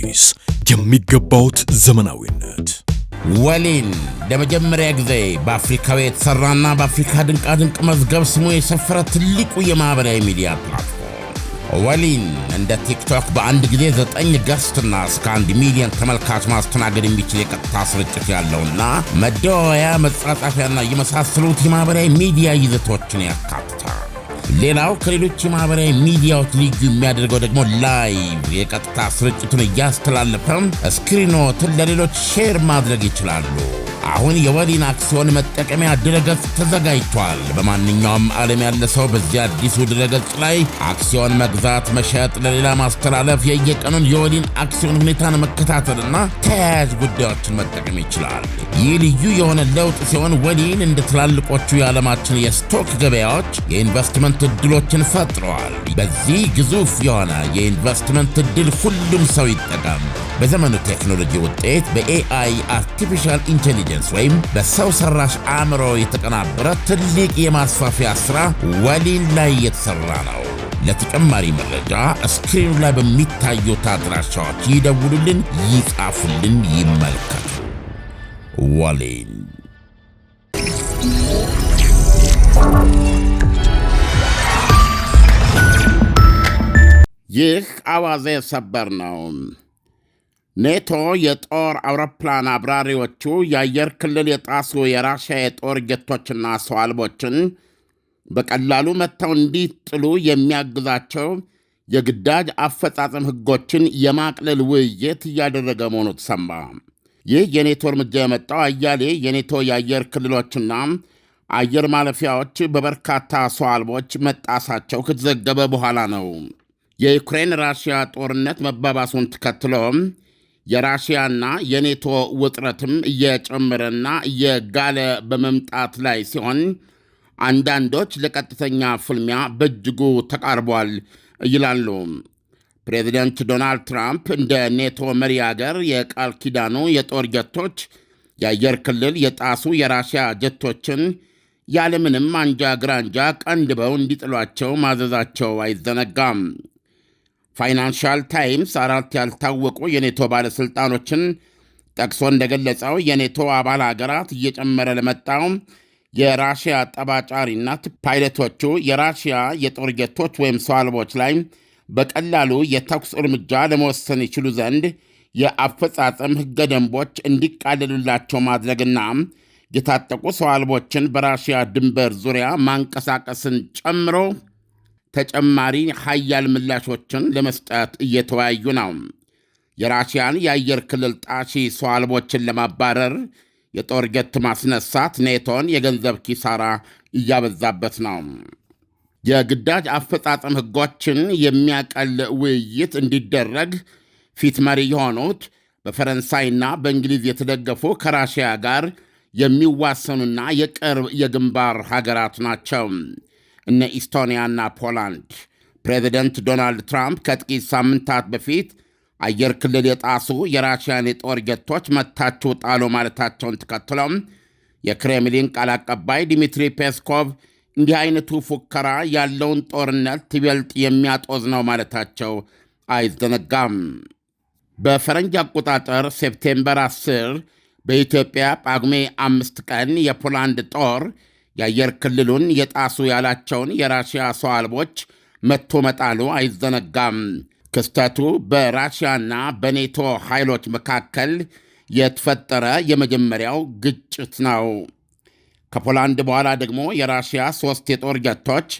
አዲስ የሚገባውት ዘመናዊነት ወሊን ለመጀመሪያ ጊዜ በአፍሪካዊ የተሠራና በአፍሪካ ድንቃድንቅ መዝገብ ስሙ የሰፈረ ትልቁ የማኅበራዊ ሚዲያ ፕላትፎርም ወሊን እንደ ቲክቶክ በአንድ ጊዜ ዘጠኝ ገስትና እስከ አንድ ሚሊዮን ተመልካች ማስተናገድ የሚችል የቀጥታ ስርጭት ያለውና መደዋወያ፣ መጻጻፊያና የመሳሰሉት የማኅበራዊ ሚዲያ ይዘቶችን ያካል ሌላው ከሌሎች የማህበራዊ ሚዲያዎች ልዩ የሚያደርገው ደግሞ ላይቭ የቀጥታ ስርጭቱን እያስተላለፈም ስክሪኖትን ለሌሎች ሼር ማድረግ ይችላሉ። አሁን የወሊን አክሲዮን መጠቀሚያ ድረገጽ ተዘጋጅቷል። በማንኛውም ዓለም ያለ ሰው በዚህ አዲሱ ድረገጽ ላይ አክሲዮን መግዛት፣ መሸጥ፣ ለሌላ ማስተላለፍ፣ የየቀኑን የወሊን አክሲዮን ሁኔታን መከታተልና ተያያዥ ጉዳዮችን መጠቀም ይችላል። ይህ ልዩ የሆነ ለውጥ ሲሆን ወሊን እንደ ትላልቆቹ የዓለማችን የስቶክ ገበያዎች የኢንቨስትመንት እድሎችን ፈጥረዋል። በዚህ ግዙፍ የሆነ የኢንቨስትመንት እድል ሁሉም ሰው ይጠቀም። በዘመኑ ቴክኖሎጂ ውጤት በኤአይ አርቲፊሻል ኢንቴሊጀንስ ኢንቴሊጀንስ ወይም በሰው ሰራሽ አእምሮ የተቀናበረ ትልቅ የማስፋፊያ ሥራ ወሊል ላይ እየተሠራ ነው። ለተጨማሪ መረጃ ስክሪኑ ላይ በሚታዩት አድራሻዎች ይደውሉልን፣ ይጻፉልን፣ ይመልከቱ። ወሊል ይህ አዋዜ ሰበር ነው። ኔቶ የጦር አውሮፕላን አብራሪዎቹ የአየር ክልል የጣሱ የራሽያ የጦር ጀቶችና ሰው አልቦችን በቀላሉ መጥተው እንዲጥሉ የሚያግዛቸው የግዳጅ አፈጻጸም ሕጎችን የማቅለል ውይይት እያደረገ መሆኑ ተሰማ። ይህ የኔቶ እርምጃ የመጣው አያሌ የኔቶ የአየር ክልሎችና አየር ማለፊያዎች በበርካታ ሰው አልቦች መጣሳቸው ከተዘገበ በኋላ ነው። የዩክሬን ራሽያ ጦርነት መባባሱን ተከትሎም የራሽያና የኔቶ ውጥረትም እየጨመረና እየጋለ በመምጣት ላይ ሲሆን አንዳንዶች ለቀጥተኛ ፍልሚያ በእጅጉ ተቃርቧል ይላሉ። ፕሬዚደንት ዶናልድ ትራምፕ እንደ ኔቶ መሪ አገር የቃል ኪዳኑ የጦር ጀቶች የአየር ክልል የጣሱ የራሽያ ጀቶችን ያለምንም አንጃ ግራንጃ ቀንድበው እንዲጥሏቸው ማዘዛቸው አይዘነጋም። ፋይናንሻል ታይምስ አራት ያልታወቁ የኔቶ ባለሥልጣኖችን ጠቅሶ እንደገለጸው የኔቶ አባል ሀገራት እየጨመረ ለመጣው የራሽያ ጠባጫሪነት ፓይለቶቹ የራሽያ የጦር ጀቶች ወይም ሰው አልቦች ላይ በቀላሉ የተኩስ እርምጃ ለመወሰን ይችሉ ዘንድ የአፈጻጸም ሕገ ደንቦች እንዲቃለሉላቸው ማድረግና የታጠቁ ሰው አልቦችን በራሽያ ድንበር ዙሪያ ማንቀሳቀስን ጨምሮ ተጨማሪ ሀያል ምላሾችን ለመስጠት እየተወያዩ ነው። የራሽያን የአየር ክልል ጣሺ ሰው አልቦችን ለማባረር የጦር ጀት ማስነሳት ኔቶን የገንዘብ ኪሳራ እያበዛበት ነው። የግዳጅ አፈጻጸም ሕጎችን የሚያቀል ውይይት እንዲደረግ ፊት መሪ የሆኑት በፈረንሳይና በእንግሊዝ የተደገፉ ከራሽያ ጋር የሚዋሰኑና የቅርብ የግንባር ሀገራት ናቸው። እነ ኢስቶኒያና ፖላንድ። ፕሬዚደንት ዶናልድ ትራምፕ ከጥቂት ሳምንታት በፊት አየር ክልል የጣሱ የራሽያን የጦር ጀቶች መታችሁ ጣሉ ማለታቸውን ተከትሎም የክሬምሊን ቃል አቀባይ ዲሚትሪ ፔስኮቭ እንዲህ አይነቱ ፉከራ ያለውን ጦርነት ትቤልጥ የሚያጦዝ ነው ማለታቸው አይዘነጋም። በፈረንጅ አቆጣጠር ሴፕቴምበር 10 በኢትዮጵያ ጳጉሜ አምስት ቀን የፖላንድ ጦር የአየር ክልሉን የጣሱ ያላቸውን የራሽያ ሰው አልቦች መትቶ መጣሉ አይዘነጋም። ክስተቱ በራሽያና በኔቶ ኃይሎች መካከል የተፈጠረ የመጀመሪያው ግጭት ነው። ከፖላንድ በኋላ ደግሞ የራሽያ ሦስት የጦር ጀቶች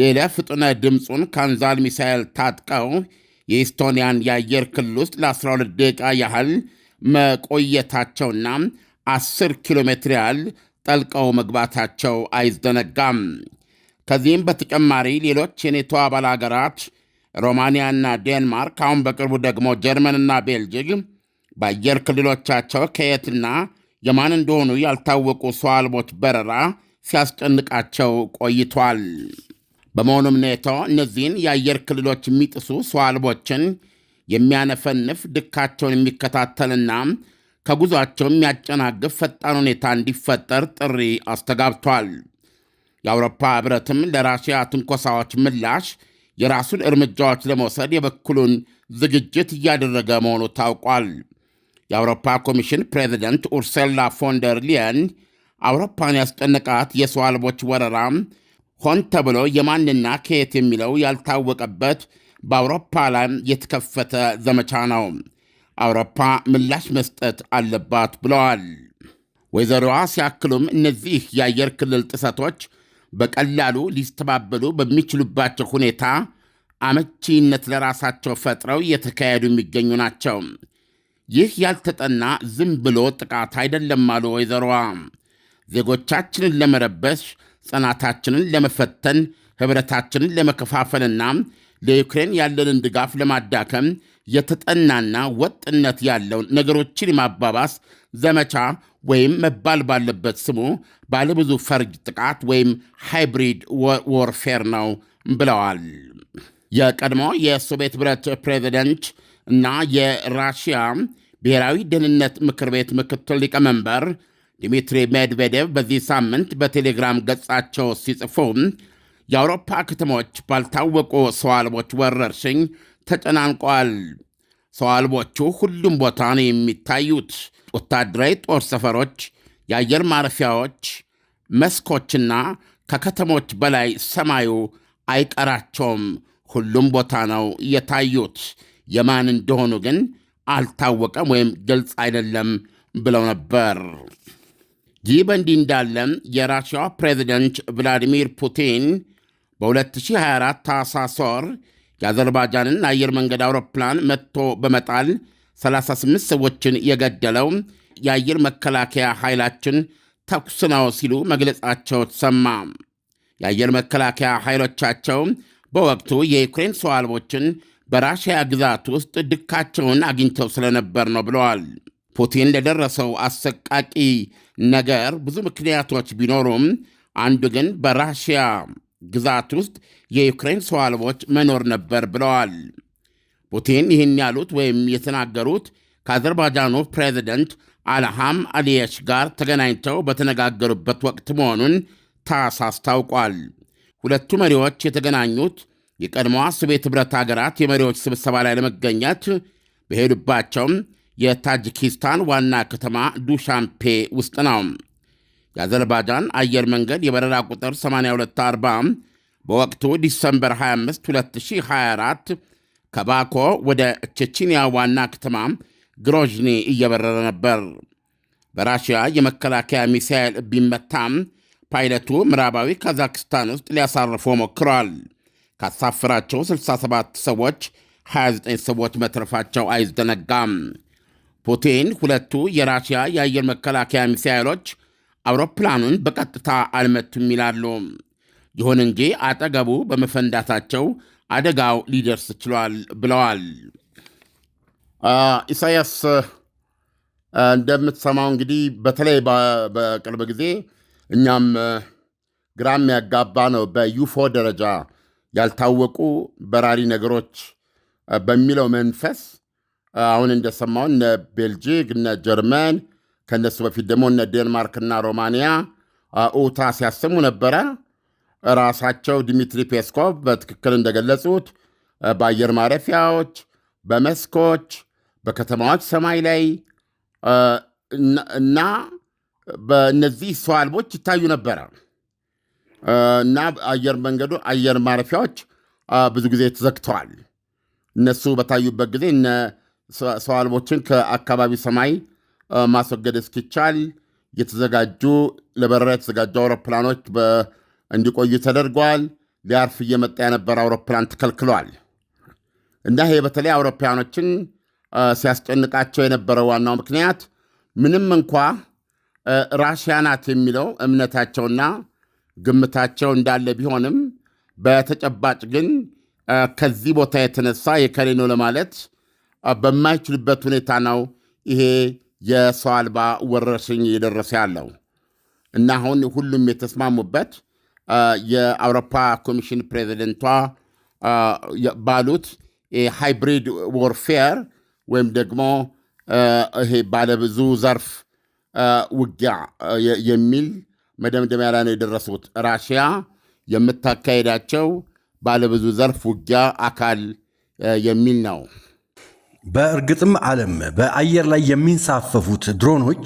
ሌለ ፍጥነ ድምፁን ካንዛል ሚሳኤል ታጥቀው የኢስቶኒያን የአየር ክልል ውስጥ ለ12 ደቂቃ ያህል መቆየታቸውና 10 ኪሎ ሜትር ያህል ጠልቀው መግባታቸው አይዘነጋም። ከዚህም በተጨማሪ ሌሎች የኔቶ አባል አገራት ሮማንያና ዴንማርክ፣ አሁን በቅርቡ ደግሞ ጀርመንና ቤልጅግ በአየር ክልሎቻቸው ከየትና የማን እንደሆኑ ያልታወቁ ሰው አልቦች በረራ ሲያስጨንቃቸው ቆይቷል። በመሆኑም ኔቶ እነዚህን የአየር ክልሎች የሚጥሱ ሰው አልቦችን የሚያነፈንፍ ድካቸውን የሚከታተልና ከጉዟቸው የሚያጨናግፍ ፈጣን ሁኔታ እንዲፈጠር ጥሪ አስተጋብቷል። የአውሮፓ ኅብረትም ለራሽያ ትንኮሳዎች ምላሽ የራሱን እርምጃዎች ለመውሰድ የበኩሉን ዝግጅት እያደረገ መሆኑ ታውቋል። የአውሮፓ ኮሚሽን ፕሬዚደንት ኡርሴላ ፎንደር ሊየን አውሮፓን ያስጨነቃት የሰው አልቦች ወረራም ሆን ተብሎ የማንና ከየት የሚለው ያልታወቀበት በአውሮፓ ላይ የተከፈተ ዘመቻ ነው አውሮፓ ምላሽ መስጠት አለባት ብለዋል። ወይዘሮዋ ሲያክሉም እነዚህ የአየር ክልል ጥሰቶች በቀላሉ ሊስተባበሉ በሚችሉባቸው ሁኔታ አመቺነት ለራሳቸው ፈጥረው እየተካሄዱ የሚገኙ ናቸው። ይህ ያልተጠና ዝም ብሎ ጥቃት አይደለም አሉ ወይዘሮዋ። ዜጎቻችንን ለመረበሽ፣ ጽናታችንን ለመፈተን፣ ኅብረታችንን ለመከፋፈልና ለዩክሬን ያለንን ድጋፍ ለማዳከም የተጠናና ወጥነት ያለው ነገሮችን የማባባስ ዘመቻ ወይም መባል ባለበት ስሙ ባለብዙ ፈርጅ ጥቃት ወይም ሃይብሪድ ወርፌር ነው ብለዋል። የቀድሞ የሶቪየት ህብረት ፕሬዚደንት እና የራሽያ ብሔራዊ ደህንነት ምክር ቤት ምክትል ሊቀመንበር ዲሚትሪ ሜድቬዴቭ በዚህ ሳምንት በቴሌግራም ገጻቸው ሲጽፉ የአውሮፓ ከተሞች ባልታወቁ ሰው አልቦች ወረርሽኝ ተጨናንቋል። ሰው አልቦቹ ሁሉም ቦታ ነው የሚታዩት። ወታደራዊ ጦር ሰፈሮች፣ የአየር ማረፊያዎች፣ መስኮችና ከከተሞች በላይ ሰማዩ አይቀራቸውም። ሁሉም ቦታ ነው የታዩት። የማን እንደሆኑ ግን አልታወቀም ወይም ግልጽ አይደለም ብለው ነበር። ይህ በእንዲህ እንዳለም የራሽያ ፕሬዚደንት ቭላዲሚር ፑቲን በ2024 ታህሳስ ወር የአዘርባጃንን አየር መንገድ አውሮፕላን መጥቶ በመጣል 38 ሰዎችን የገደለው የአየር መከላከያ ኃይላችን ተኩስ ነው ሲሉ መግለጻቸው ተሰማ። የአየር መከላከያ ኃይሎቻቸው በወቅቱ የዩክሬን ሰው አልቦችን በራሽያ ግዛት ውስጥ ድካቸውን አግኝተው ስለነበር ነው ብለዋል። ፑቲን ለደረሰው አሰቃቂ ነገር ብዙ ምክንያቶች ቢኖሩም አንዱ ግን በራሽያ ግዛት ውስጥ የዩክሬን ሰው አልቦች መኖር ነበር ብለዋል። ፑቲን ይህን ያሉት ወይም የተናገሩት ከአዘርባይጃኑ ፕሬዚደንት አልሃም አሊየሽ ጋር ተገናኝተው በተነጋገሩበት ወቅት መሆኑን ታስ አስታውቋል። ሁለቱ መሪዎች የተገናኙት የቀድሞዋ ሶቪየት ኅብረት ሀገራት የመሪዎች ስብሰባ ላይ ለመገኘት በሄዱባቸውም የታጂኪስታን ዋና ከተማ ዱሻምፔ ውስጥ ነው። የአዘርባጃን አየር መንገድ የበረራ ቁጥር 8240 በወቅቱ ዲሰምበር 25 2024 ከባኮ ወደ ቼቺኒያ ዋና ከተማ ግሮዥኒ እየበረረ ነበር። በራሽያ የመከላከያ ሚሳኤል ቢመታም ፓይለቱ ምዕራባዊ ካዛክስታን ውስጥ ሊያሳርፎ ሞክሯል። ካሳፈራቸው 67 ሰዎች 29 ሰዎች መትረፋቸው አይዘነጋም። ፑቲን ሁለቱ የራሽያ የአየር መከላከያ ሚሳኤሎች አውሮፕላኑን በቀጥታ አልመቱም ይላሉ። ይሁን እንጂ አጠገቡ በመፈንዳታቸው አደጋው ሊደርስ ችሏል ብለዋል። ኢሳያስ እንደምትሰማው እንግዲህ በተለይ በቅርብ ጊዜ እኛም ግራም ያጋባ ነው በዩፎ ደረጃ ያልታወቁ በራሪ ነገሮች በሚለው መንፈስ አሁን እንደሰማው እነ ቤልጂክ እነ ጀርመን ከእነሱ በፊት ደግሞ እነ ዴንማርክና ሮማንያ ኡታ ሲያሰሙ ነበረ። ራሳቸው ዲሚትሪ ፔስኮቭ በትክክል እንደገለጹት በአየር ማረፊያዎች፣ በመስኮች፣ በከተማዎች ሰማይ ላይ እና በእነዚህ ሰው አልቦች ይታዩ ነበረ እና አየር መንገዱ አየር ማረፊያዎች ብዙ ጊዜ ተዘግተዋል። እነሱ በታዩበት ጊዜ እነ ሰው አልቦችን ከአካባቢ ሰማይ ማስወገድ እስኪቻል የተዘጋጁ ለበረራ የተዘጋጁ አውሮፕላኖች እንዲቆዩ ተደርገዋል። ሊያርፍ እየመጣ የነበረ አውሮፕላን ተከልክለዋል እና ይሄ በተለይ አውሮፓያኖችን ሲያስጨንቃቸው የነበረ ዋናው ምክንያት ምንም እንኳ ራሽያ ናት የሚለው እምነታቸውና ግምታቸው እንዳለ ቢሆንም በተጨባጭ ግን ከዚህ ቦታ የተነሳ የከሌ ነው ለማለት በማይችልበት ሁኔታ ነው ይሄ የሰው አልባ ወረርሽኝ እየደረሰ ያለው እና አሁን ሁሉም የተስማሙበት የአውሮፓ ኮሚሽን ፕሬዚደንቷ ባሉት ሃይብሪድ ወርፌር ወይም ደግሞ ይሄ ባለብዙ ዘርፍ ውጊያ የሚል መደምደሚያ ላይ ነው የደረሱት። ራሽያ የምታካሄዳቸው ባለብዙ ዘርፍ ውጊያ አካል የሚል ነው። በእርግጥም ዓለም በአየር ላይ የሚንሳፈፉት ድሮኖች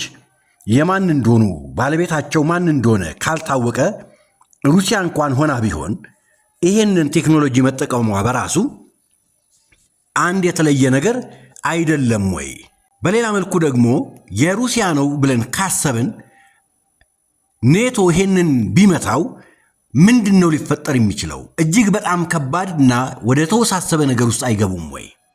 የማን እንደሆኑ ባለቤታቸው ማን እንደሆነ ካልታወቀ ሩሲያ እንኳን ሆና ቢሆን ይሄንን ቴክኖሎጂ መጠቀሟ በራሱ አንድ የተለየ ነገር አይደለም ወይ? በሌላ መልኩ ደግሞ የሩሲያ ነው ብለን ካሰብን ኔቶ ይሄንን ቢመታው ምንድን ነው ሊፈጠር የሚችለው? እጅግ በጣም ከባድ እና ወደ ተወሳሰበ ነገር ውስጥ አይገቡም ወይ?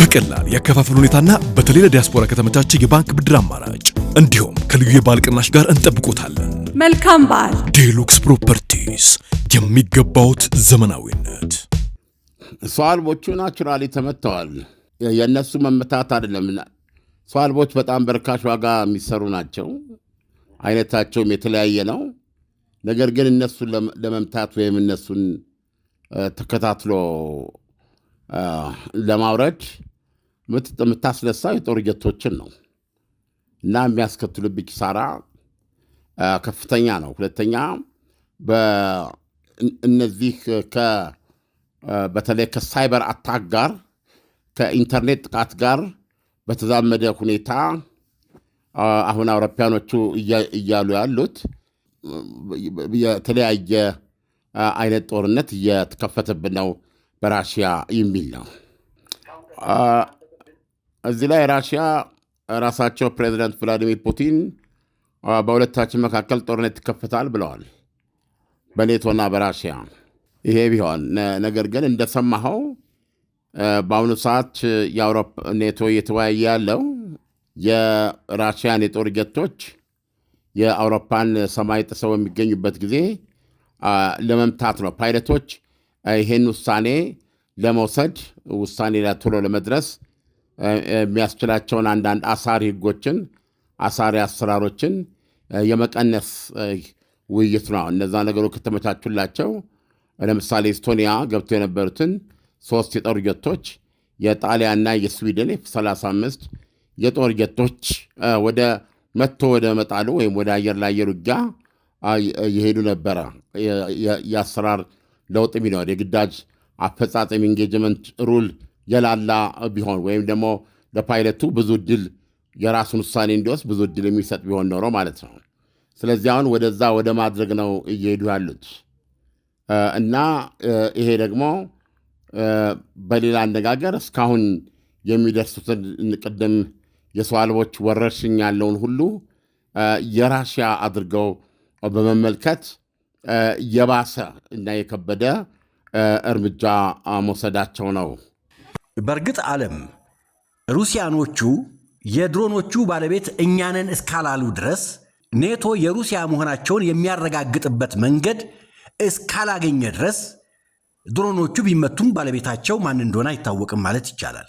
በቀላል ያከፋፈል ሁኔታና በተለይ ለዲያስፖራ ከተመቻቸ የባንክ ብድር አማራጭ እንዲሁም ከልዩ የበዓል ቅናሽ ጋር እንጠብቆታለን። መልካም በዓል። ዴሉክስ ፕሮፐርቲስ የሚገባውት ዘመናዊነት። ሰው አልቦቹ ናቹራሊ ተመተዋል። የእነሱ መመታት አይደለም። ሰው አልቦች በጣም በርካሽ ዋጋ የሚሰሩ ናቸው። አይነታቸውም የተለያየ ነው። ነገር ግን እነሱን ለመምታት ወይም እነሱን ተከታትሎ ለማውረድ የምታስነሳው የጦር ጀቶችን ነው እና የሚያስከትሉብኝ ኪሳራ ከፍተኛ ነው። ሁለተኛ እነዚህ በተለይ ከሳይበር አታክ ጋር ከኢንተርኔት ጥቃት ጋር በተዛመደ ሁኔታ አሁን አውሮፓያኖቹ እያሉ ያሉት የተለያየ አይነት ጦርነት እየተከፈተብን ነው በራሽያ የሚል ነው። እዚህ ላይ ራሽያ ራሳቸው ፕሬዚደንት ቭላዲሚር ፑቲን በሁለታችን መካከል ጦርነት ይከፈታል ብለዋል፣ በኔቶና በራሽያ ይሄ ቢሆን ነገር ግን እንደሰማኸው በአሁኑ ሰዓት የአውሮፕ ኔቶ እየተወያየ ያለው የራሽያን የጦር ጀቶች የአውሮፓን ሰማይ ጥሰው የሚገኙበት ጊዜ ለመምታት ነው። ፓይለቶች ይህን ውሳኔ ለመውሰድ ውሳኔ ላይ ቶሎ ለመድረስ የሚያስችላቸውን አንዳንድ አሳሪ ህጎችን አሳሪ አሰራሮችን የመቀነስ ውይይት ነው። እነዛ ነገሮች ከተመቻቹላቸው ለምሳሌ ኢስቶኒያ ገብቶ የነበሩትን ሶስት የጦር ጀቶች የጣሊያንና የስዊድን ኤፍ 35 የጦር ጀቶች ወደ መጥቶ ወደ መጣሉ ወይም ወደ አየር ለአየር ውጊያ የሄዱ ነበረ። የአሰራር ለውጥ ቢኖር የግዳጅ አፈጻጸም ኢንጌጅመንት ሩል የላላ ቢሆን ወይም ደግሞ ለፓይለቱ ብዙ እድል የራሱን ውሳኔ እንዲወስድ ብዙ እድል የሚሰጥ ቢሆን ኖሮ ማለት ነው። ስለዚህ አሁን ወደዛ ወደ ማድረግ ነው እየሄዱ ያሉት እና ይሄ ደግሞ በሌላ አነጋገር እስካሁን የሚደርሱትን ቅድም የሰው አልቦች ወረርሽኝ ያለውን ሁሉ የራሽያ አድርገው በመመልከት የባሰ እና የከበደ እርምጃ መውሰዳቸው ነው። በእርግጥ ዓለም ሩሲያኖቹ የድሮኖቹ ባለቤት እኛንን እስካላሉ ድረስ ኔቶ የሩሲያ መሆናቸውን የሚያረጋግጥበት መንገድ እስካላገኘ ድረስ ድሮኖቹ ቢመቱም ባለቤታቸው ማን እንደሆነ አይታወቅም ማለት ይቻላል።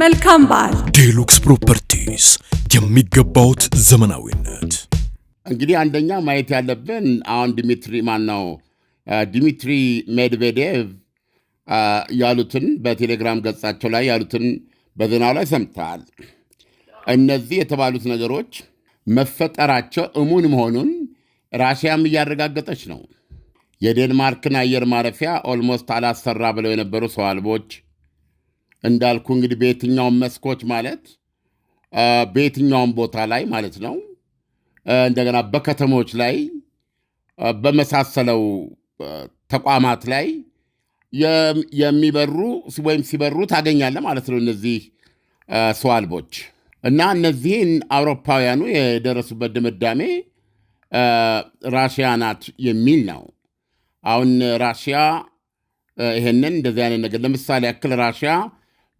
መልካም በዓል። ዴሉክስ ፕሮፐርቲስ የሚገባውት ዘመናዊነት። እንግዲህ አንደኛ ማየት ያለብን አሁን ዲሚትሪ ማን ነው ዲሚትሪ ሜድቬዴቭ ያሉትን በቴሌግራም ገጻቸው ላይ ያሉትን በዜናው ላይ ሰምተሃል። እነዚህ የተባሉት ነገሮች መፈጠራቸው እሙን መሆኑን ራሽያም እያረጋገጠች ነው። የዴንማርክን አየር ማረፊያ ኦልሞስት አላሰራ ብለው የነበሩ ሰው አልቦች እንዳልኩ እንግዲህ በየትኛውም መስኮች ማለት በየትኛውም ቦታ ላይ ማለት ነው። እንደገና በከተሞች ላይ በመሳሰለው ተቋማት ላይ የሚበሩ ወይም ሲበሩ ታገኛለ ማለት ነው እነዚህ ሰው አልቦች እና እነዚህን አውሮፓውያኑ የደረሱበት ድምዳሜ ራሽያ ናት የሚል ነው። አሁን ራሽያ ይሄንን እንደዚህ አይነት ነገር ለምሳሌ ያክል ራሽያ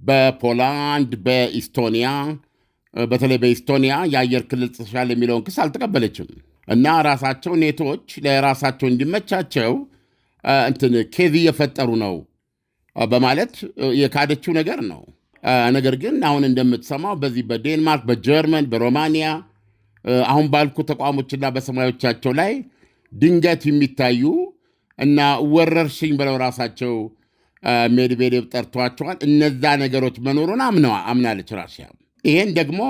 በፖላንድ በኢስቶኒያ በተለይ በኢስቶኒያ የአየር ክልል ተሻሻለ የሚለውን ክስ አልተቀበለችም እና ራሳቸው ኔቶዎች ለራሳቸው እንዲመቻቸው እንትን ኬቪ እየፈጠሩ ነው በማለት የካደችው ነገር ነው። ነገር ግን አሁን እንደምትሰማው በዚህ በዴንማርክ፣ በጀርመን፣ በሮማንያ አሁን ባልኩ ተቋሞችና በሰማዮቻቸው ላይ ድንገት የሚታዩ እና ወረርሽኝ ብለው ራሳቸው ሜድቬዴቭ ጠርቷቸዋል። እነዛ ነገሮች መኖሩን አምነዋ አምናለች ራሽያ። ይሄን ደግሞ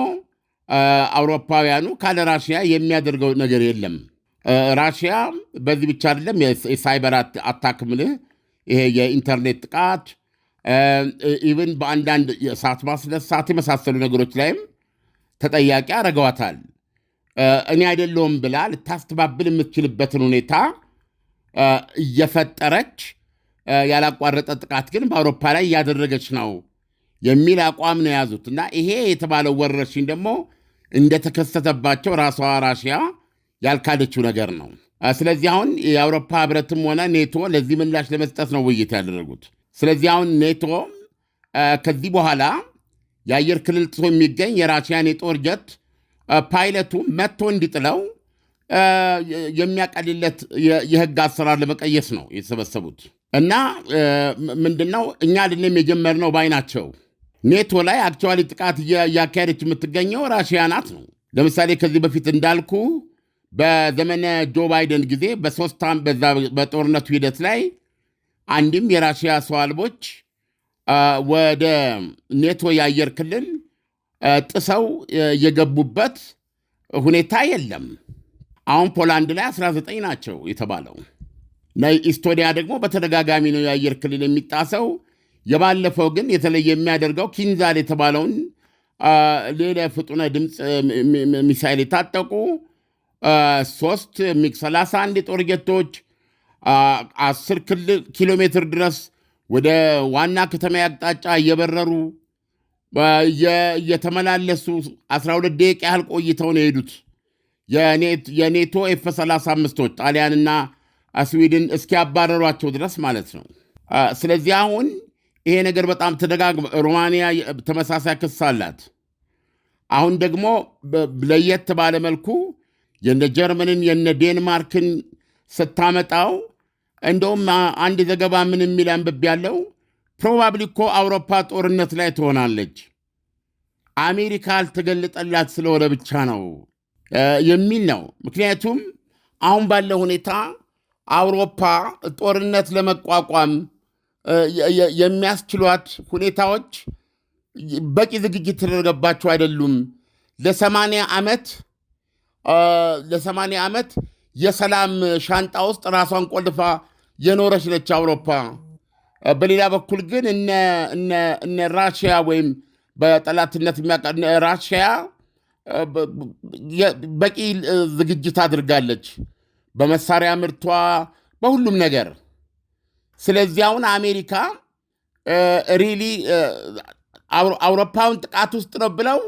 አውሮፓውያኑ ካለ ራሽያ የሚያደርገው ነገር የለም። ራሽያ በዚህ ብቻ አይደለም የሳይበር አታክ ምልህ ይሄ የኢንተርኔት ጥቃት ኢቨን በአንዳንድ የእሳት ማስነሳት የመሳሰሉ ነገሮች ላይም ተጠያቂ አረገዋታል። እኔ አይደለሁም ብላ ልታስተባብል የምትችልበትን ሁኔታ እየፈጠረች ያላቋረጠ ጥቃት ግን በአውሮፓ ላይ እያደረገች ነው የሚል አቋም ነው የያዙት እና ይሄ የተባለው ወረርሽኝ ደግሞ እንደተከሰተባቸው ራሷ ራሽያ ያልካደችው ነገር ነው። ስለዚህ አሁን የአውሮፓ ህብረትም ሆነ ኔቶ ለዚህ ምላሽ ለመስጠት ነው ውይይት ያደረጉት። ስለዚህ አሁን ኔቶ ከዚህ በኋላ የአየር ክልል ጥሶ የሚገኝ የራሽያን የጦር ጀት ፓይለቱ መጥቶ እንዲጥለው የሚያቀልለት የህግ አሰራር ለመቀየስ ነው የተሰበሰቡት። እና ምንድነው እኛ አይደለም የጀመርነው ባይ ናቸው። ኔቶ ላይ አክቹዋሊ ጥቃት እያካሄደች የምትገኘው ራሽያ ናት ነው። ለምሳሌ ከዚህ በፊት እንዳልኩ በዘመነ ጆ ባይደን ጊዜ በሶስት በዛ በጦርነቱ ሂደት ላይ አንድም የራሽያ ሰው አልቦች ወደ ኔቶ የአየር ክልል ጥሰው የገቡበት ሁኔታ የለም። አሁን ፖላንድ ላይ 19 ናቸው የተባለው ኢስቶኒያ ደግሞ በተደጋጋሚ ነው የአየር ክልል የሚጣሰው። የባለፈው ግን የተለየ የሚያደርገው ኪንዛል የተባለውን ሌላ ፍጡነ ድምፅ ሚሳይል የታጠቁ ሶስት ሚግ 31 የጦር ጀቶች 10 ኪሎ ሜትር ድረስ ወደ ዋና ከተማ አቅጣጫ እየበረሩ እየተመላለሱ 12 ደቂቃ ያህል ቆይተው ነው የሄዱት። የኔቶ ኤፍ 35ቶች ጣሊያንና ስዊድን እስኪያባረሯቸው ድረስ ማለት ነው። ስለዚህ አሁን ይሄ ነገር በጣም ተደጋግሞ ሮማንያ ተመሳሳይ ክስ አላት። አሁን ደግሞ ለየት ባለ መልኩ የነ ጀርመንን የነ ዴንማርክን ስታመጣው እንደውም አንድ ዘገባ ምን የሚል አንብብ ያለው ፕሮባብሊ እኮ አውሮፓ ጦርነት ላይ ትሆናለች አሜሪካ አልተገለጠላት ስለሆነ ብቻ ነው የሚል ነው። ምክንያቱም አሁን ባለው ሁኔታ አውሮፓ ጦርነት ለመቋቋም የሚያስችሏት ሁኔታዎች በቂ ዝግጅት ተደረገባቸው አይደሉም። ለሰማንያ ዓመት ለሰማንያ ዓመት የሰላም ሻንጣ ውስጥ ራሷን ቆልፋ የኖረች ነች አውሮፓ። በሌላ በኩል ግን እነ ራሽያ ወይም በጠላትነት ራሽያ በቂ ዝግጅት አድርጋለች። በመሳሪያ ምርቷ፣ በሁሉም ነገር። ስለዚህ አሁን አሜሪካ ሪሊ አውሮፓውን ጥቃት ውስጥ ነው ብለው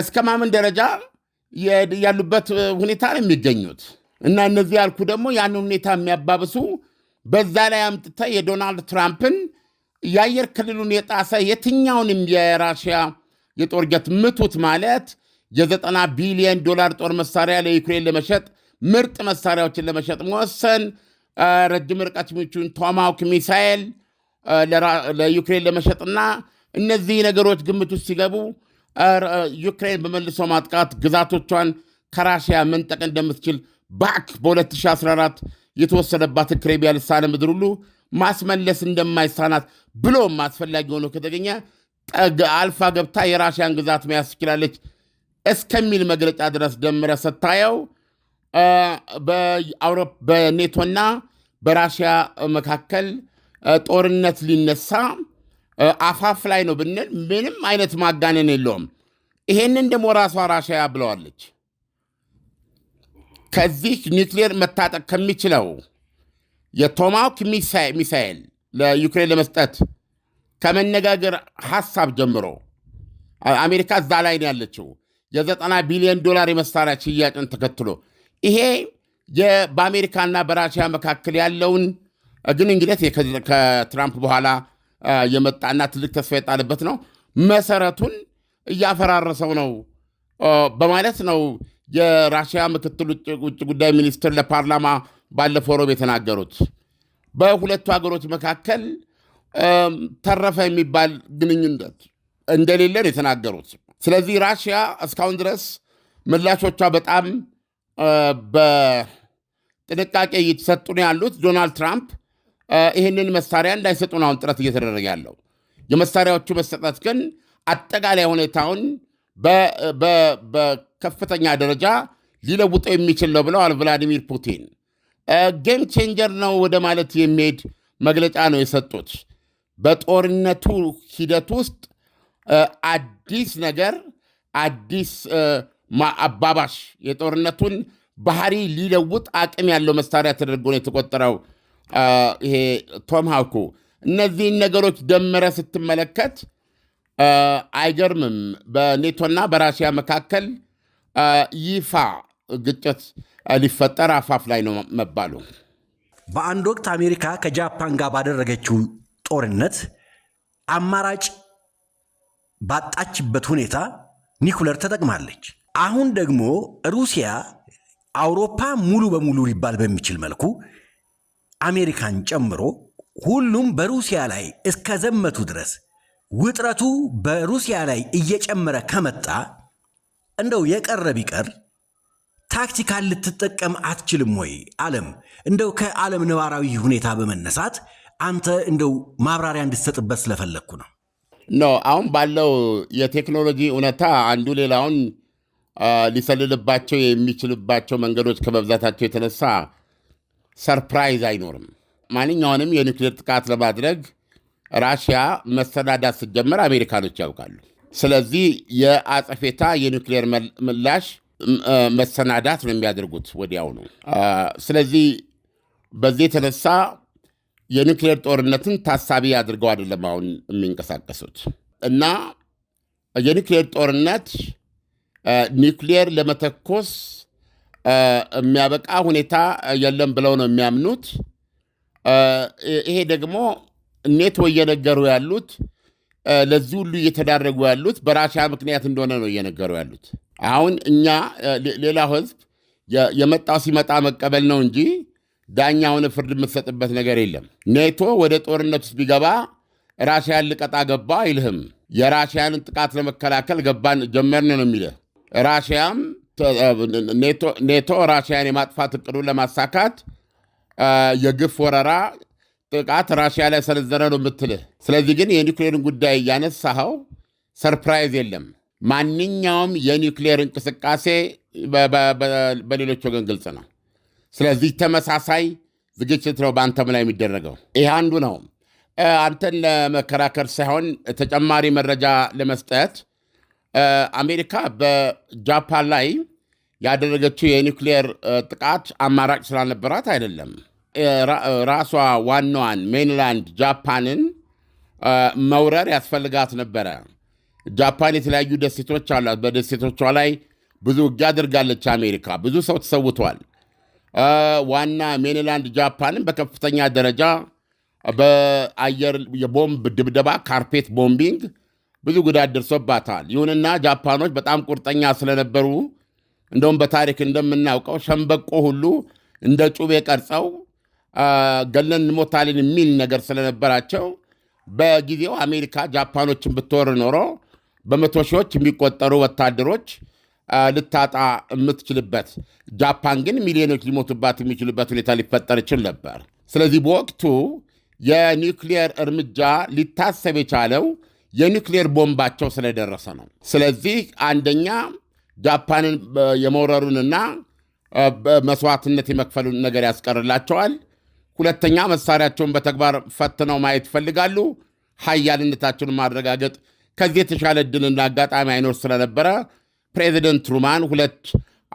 እስከ ማመን ደረጃ ያሉበት ሁኔታ ነው የሚገኙት እና እነዚህ ያልኩ ደግሞ ያንን ሁኔታ የሚያባብሱ በዛ ላይ አምጥተ የዶናልድ ትራምፕን የአየር ክልሉን የጣሰ የትኛውንም የራሽያ የጦር ጀት ምቱት ማለት የዘጠና ቢሊዮን ዶላር ጦር መሳሪያ ለዩክሬን ለመሸጥ ምርጥ መሳሪያዎችን ለመሸጥ መወሰን፣ ረጅም ርቀት የሚችሉን ቶማሃውክ ሚሳይል ለዩክሬን ለመሸጥና እነዚህ ነገሮች ግምት ውስጥ ሲገቡ ዩክሬን በመልሶ ማጥቃት ግዛቶቿን ከራሽያ መንጠቅ እንደምትችል ባክ በ2014 የተወሰነባትን ክሬሚያ ልሳነ ምድር ሁሉ ማስመለስ እንደማይሳናት ብሎም አስፈላጊ ሆኖ ከተገኘ አልፋ ገብታ የራሽያን ግዛት መያዝ ትችላለች እስከሚል መግለጫ ድረስ ደምረ ስታየው በኔቶና በራሽያ መካከል ጦርነት ሊነሳ አፋፍ ላይ ነው ብንል ምንም አይነት ማጋነን የለውም። ይሄንን ደግሞ ራሷ ራሽያ ብለዋለች። ከዚህ ኒውክሌር መታጠቅ ከሚችለው የቶማሃውክ ሚሳኤል ለዩክሬን ለመስጠት ከመነጋገር ሀሳብ ጀምሮ አሜሪካ እዛ ላይ ነው ያለችው። የዘጠና ቢሊዮን ዶላር የመሳሪያ ሽያጭን ተከትሎ ይሄ በአሜሪካና በራሽያ መካከል ያለውን ግንኙነት ከትራምፕ በኋላ የመጣና ትልቅ ተስፋ የጣለበት ነው። መሰረቱን እያፈራረሰው ነው በማለት ነው የራሽያ ምክትል ውጭ ጉዳይ ሚኒስትር ለፓርላማ ባለፈው ሮብ የተናገሩት። በሁለቱ ሀገሮች መካከል ተረፈ የሚባል ግንኙነት እንደሌለ የተናገሩት። ስለዚህ ራሽያ እስካሁን ድረስ ምላሾቿ በጣም በጥንቃቄ እየተሰጡ ነው ያሉት። ዶናልድ ትራምፕ ይህንን መሳሪያ እንዳይሰጡ አሁን ጥረት እየተደረገ ያለው። የመሳሪያዎቹ መሰጠት ግን አጠቃላይ ሁኔታውን በከፍተኛ ደረጃ ሊለውጠው የሚችል ነው ብለዋል ቭላዲሚር ፑቲን። ጌም ቼንጀር ነው ወደ ማለት የሚሄድ መግለጫ ነው የሰጡት። በጦርነቱ ሂደት ውስጥ አዲስ ነገር አዲስ አባባሽ የጦርነቱን ባህሪ ሊለውጥ አቅም ያለው መሳሪያ ተደርጎ ነው የተቆጠረው ይሄ ቶም ሃኩ እነዚህን ነገሮች ደምረ ስትመለከት አይገርምም። በኔቶና በራሽያ መካከል ይፋ ግጭት ሊፈጠር አፋፍ ላይ ነው መባሉ። በአንድ ወቅት አሜሪካ ከጃፓን ጋር ባደረገችው ጦርነት አማራጭ ባጣችበት ሁኔታ ኒኩለር ተጠቅማለች። አሁን ደግሞ ሩሲያ አውሮፓ ሙሉ በሙሉ ሊባል በሚችል መልኩ አሜሪካን ጨምሮ ሁሉም በሩሲያ ላይ እስከ ዘመቱ ድረስ ውጥረቱ በሩሲያ ላይ እየጨመረ ከመጣ እንደው የቀረ ቢቀር ታክቲካል ልትጠቀም አትችልም ወይ? ዓለም እንደው ከዓለም ነባራዊ ሁኔታ በመነሳት አንተ እንደው ማብራሪያ እንድትሰጥበት ስለፈለግኩ ነው። ኖ አሁን ባለው የቴክኖሎጂ እውነታ አንዱ ሌላውን ሊሰልልባቸው የሚችልባቸው መንገዶች ከመብዛታቸው የተነሳ ሰርፕራይዝ አይኖርም። ማንኛውንም የኒውክሌር ጥቃት ለማድረግ ራሽያ መሰናዳት ስትጀምር አሜሪካኖች ያውቃሉ። ስለዚህ የአጸፌታ የኒውክሌር ምላሽ መሰናዳት ነው የሚያደርጉት ወዲያው ነው። ስለዚህ በዚህ የተነሳ የኒውክሌር ጦርነትን ታሳቢ አድርገው አይደለም አሁን የሚንቀሳቀሱት እና የኒውክሌር ጦርነት ኒክሌር ለመተኮስ የሚያበቃ ሁኔታ የለም ብለው ነው የሚያምኑት። ይሄ ደግሞ ኔቶ እየነገሩ ያሉት ለዚህ ሁሉ እየተዳረጉ ያሉት በራሽያ ምክንያት እንደሆነ ነው እየነገሩ ያሉት። አሁን እኛ ሌላ ህዝብ የመጣው ሲመጣ መቀበል ነው እንጂ ዳኛውን ፍርድ የምትሰጥበት ነገር የለም። ኔቶ ወደ ጦርነት ውስጥ ቢገባ ራሽያን ልቀጣ ገባ አይልህም። የራሽያንን ጥቃት ለመከላከል ገባን ጀመርን ነው የሚልህ። ራሽያም ኔቶ ራሽያን የማጥፋት እቅዱን ለማሳካት የግፍ ወረራ ጥቃት ራሽያ ላይ ሰነዘረ ነው የምትልህ። ስለዚህ ግን የኒውክሌርን ጉዳይ እያነሳኸው ሰርፕራይዝ የለም። ማንኛውም የኒውክሌር እንቅስቃሴ በሌሎች ወገን ግልጽ ነው። ስለዚህ ተመሳሳይ ዝግጅት ነው በአንተም ላይ የሚደረገው። ይህ አንዱ ነው። አንተን ለመከራከር ሳይሆን ተጨማሪ መረጃ ለመስጠት አሜሪካ በጃፓን ላይ ያደረገችው የኒውክሌር ጥቃት አማራጭ ስላልነበራት አይደለም። ራሷ ዋናዋን ሜንላንድ ጃፓንን መውረር ያስፈልጋት ነበረ። ጃፓን የተለያዩ ደሴቶች አሏት። በደሴቶቿ ላይ ብዙ ውጊያ አድርጋለች። አሜሪካ ብዙ ሰው ተሰውቷል። ዋና ሜንላንድ ጃፓንን በከፍተኛ ደረጃ በአየር የቦምብ ድብደባ ካርፔት ቦምቢንግ ብዙ ጉዳት ደርሶባታል። ይሁንና ጃፓኖች በጣም ቁርጠኛ ስለነበሩ እንደውም በታሪክ እንደምናውቀው ሸምበቆ ሁሉ እንደ ጩቤ ቀርጸው ገለን እንሞታለን የሚል ነገር ስለነበራቸው በጊዜው አሜሪካ ጃፓኖችን ብትወር ኖሮ በመቶ ሺዎች የሚቆጠሩ ወታደሮች ልታጣ የምትችልበት፣ ጃፓን ግን ሚሊዮኖች ሊሞቱባት የሚችሉበት ሁኔታ ሊፈጠር ይችል ነበር። ስለዚህ በወቅቱ የኒውክሊየር እርምጃ ሊታሰብ የቻለው የኒክሌር ቦምባቸው ስለደረሰ ነው። ስለዚህ አንደኛ ጃፓንን የመውረሩንና መስዋዕትነት የመክፈሉን ነገር ያስቀርላቸዋል። ሁለተኛ መሳሪያቸውን በተግባር ፈትነው ማየት ይፈልጋሉ። ሀያልነታቸውን ማረጋገጥ ከዚህ የተሻለ እድልና አጋጣሚ አይኖር ስለነበረ ፕሬዚደንት ትሩማን ሁለት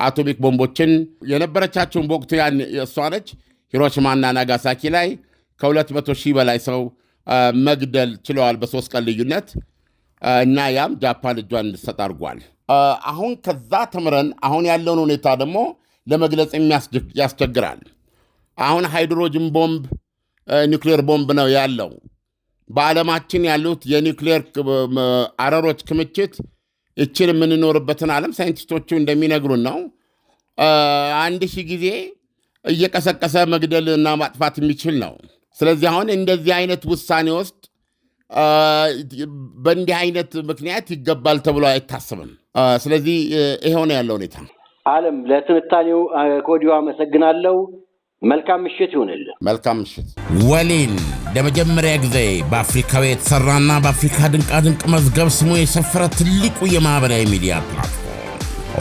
አቶሚክ ቦምቦችን የነበረቻቸውን በወቅቱ ያን እሷ ነች ሂሮሽማና ናጋሳኪ ላይ ከ200 ሺህ በላይ ሰው መግደል ችለዋል በሶስት ቀን ልዩነት እና ያም ጃፓን እጇን እንድትሰጥ አድርጓል። አሁን ከዛ ተምረን አሁን ያለውን ሁኔታ ደግሞ ለመግለጽ ያስቸግራል። አሁን ሃይድሮጅን ቦምብ፣ ኒውክሌር ቦምብ ነው ያለው። በዓለማችን ያሉት የኒውክሌር አረሮች ክምችት እችን የምንኖርበትን ዓለም ሳይንቲስቶቹ እንደሚነግሩን ነው አንድ ሺህ ጊዜ እየቀሰቀሰ መግደል እና ማጥፋት የሚችል ነው። ስለዚህ አሁን እንደዚህ አይነት ውሳኔ ውስጥ በእንዲህ አይነት ምክንያት ይገባል ተብሎ አይታሰብም። ስለዚህ ይሄ ሆነ ያለው ሁኔታ። አለም ለትንታኔው ከወዲሁ አመሰግናለሁ። መልካም ምሽት ይሁንል። መልካም ምሽት። ወሊን ለመጀመሪያ ጊዜ በአፍሪካዊ የተሰራና በአፍሪካ ድንቃድንቅ መዝገብ ስሙ የሰፈረ ትልቁ የማህበራዊ ሚዲያ ፕላትፎርም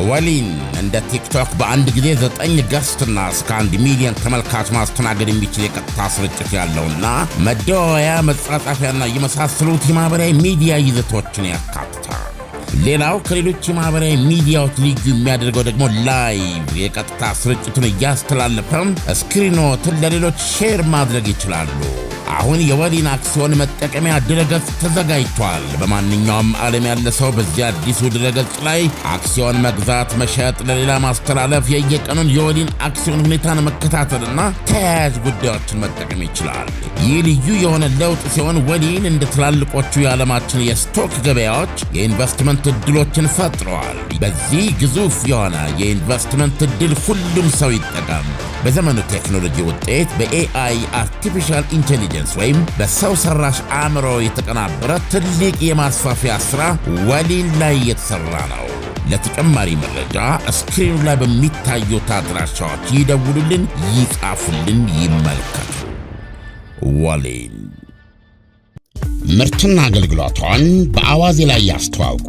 ወሊን እንደ ቲክቶክ በአንድ ጊዜ ዘጠኝ ገስትና እስከ አንድ ሚሊዮን ተመልካች ማስተናገድ የሚችል የቀጥታ ስርጭት ያለውና መደዋወያ፣ መጻጻፊያና የመሳሰሉት የማህበራዊ ሚዲያ ይዘቶችን ያካትታል። ሌላው ከሌሎች የማህበራዊ ሚዲያዎች ልዩ የሚያደርገው ደግሞ ላይቭ የቀጥታ ስርጭቱን እያስተላለፈም ስክሪኖትን ለሌሎች ሼር ማድረግ ይችላሉ። አሁን የወሊን አክሲዮን መጠቀሚያ ድረገጽ ተዘጋጅቷል። በማንኛውም ዓለም ያለ ሰው በዚህ አዲሱ ድረገጽ ላይ አክሲዮን መግዛት፣ መሸጥ፣ ለሌላ ማስተላለፍ፣ የየቀኑን የወሊን አክሲዮን ሁኔታን መከታተልና ተያያዥ ጉዳዮችን መጠቀም ይችላል። ይህ ልዩ የሆነ ለውጥ ሲሆን ወሊን እንደ ትላልቆቹ የዓለማችን የስቶክ ገበያዎች የኢንቨስትመንት እድሎችን ፈጥረዋል። በዚህ ግዙፍ የሆነ የኢንቨስትመንት እድል ሁሉም ሰው ይጠቀም። በዘመኑ ቴክኖሎጂ ውጤት በኤአይ አርቲፊሻል ኢንቴሊጀንስ ኢንቴሊጀንስ ወይም በሰው ሰራሽ አእምሮ የተቀናበረ ትልቅ የማስፋፊያ ሥራ ወሊል ላይ እየተሠራ ነው። ለተጨማሪ መረጃ ስክሪኑ ላይ በሚታዩት አድራሻዎች ይደውሉልን፣ ይጻፉልን፣ ይመልከቱ። ወሊል ምርትና አገልግሎቷን በአዋዜ ላይ ያስተዋውቁ።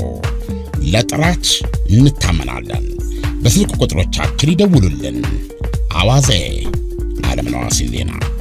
ለጥራች እንታመናለን። በስልክ ቁጥሮቻችን ይደውሉልን። አዋዜ አለምነህ ዋሴ ዜና